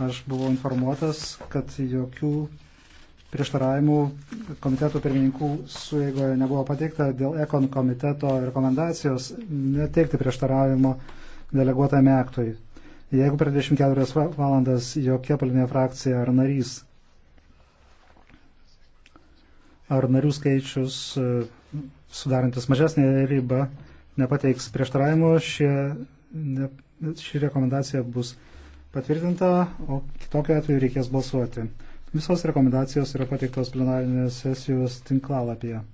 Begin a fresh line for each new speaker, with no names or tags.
Aš buvau informuotas, kad jokių prieštaravimų komitetų pirmininkų sueigoje nebuvo pateikta dėl ekon komiteto rekomendacijos neteikti prieštaravimo deleguotame aktui. Jeigu per 24 valandas jokia politinė frakcija ar narys ar narių skaičius e, sudarantis mažesnį ribą nepateiks prieštaravimo, ši rekomendacija bus patvirtinta, o kitokio atveju reikės balsuoti. Visos rekomendacijos yra pateiktos plenarinės sesijos tinklalapyje.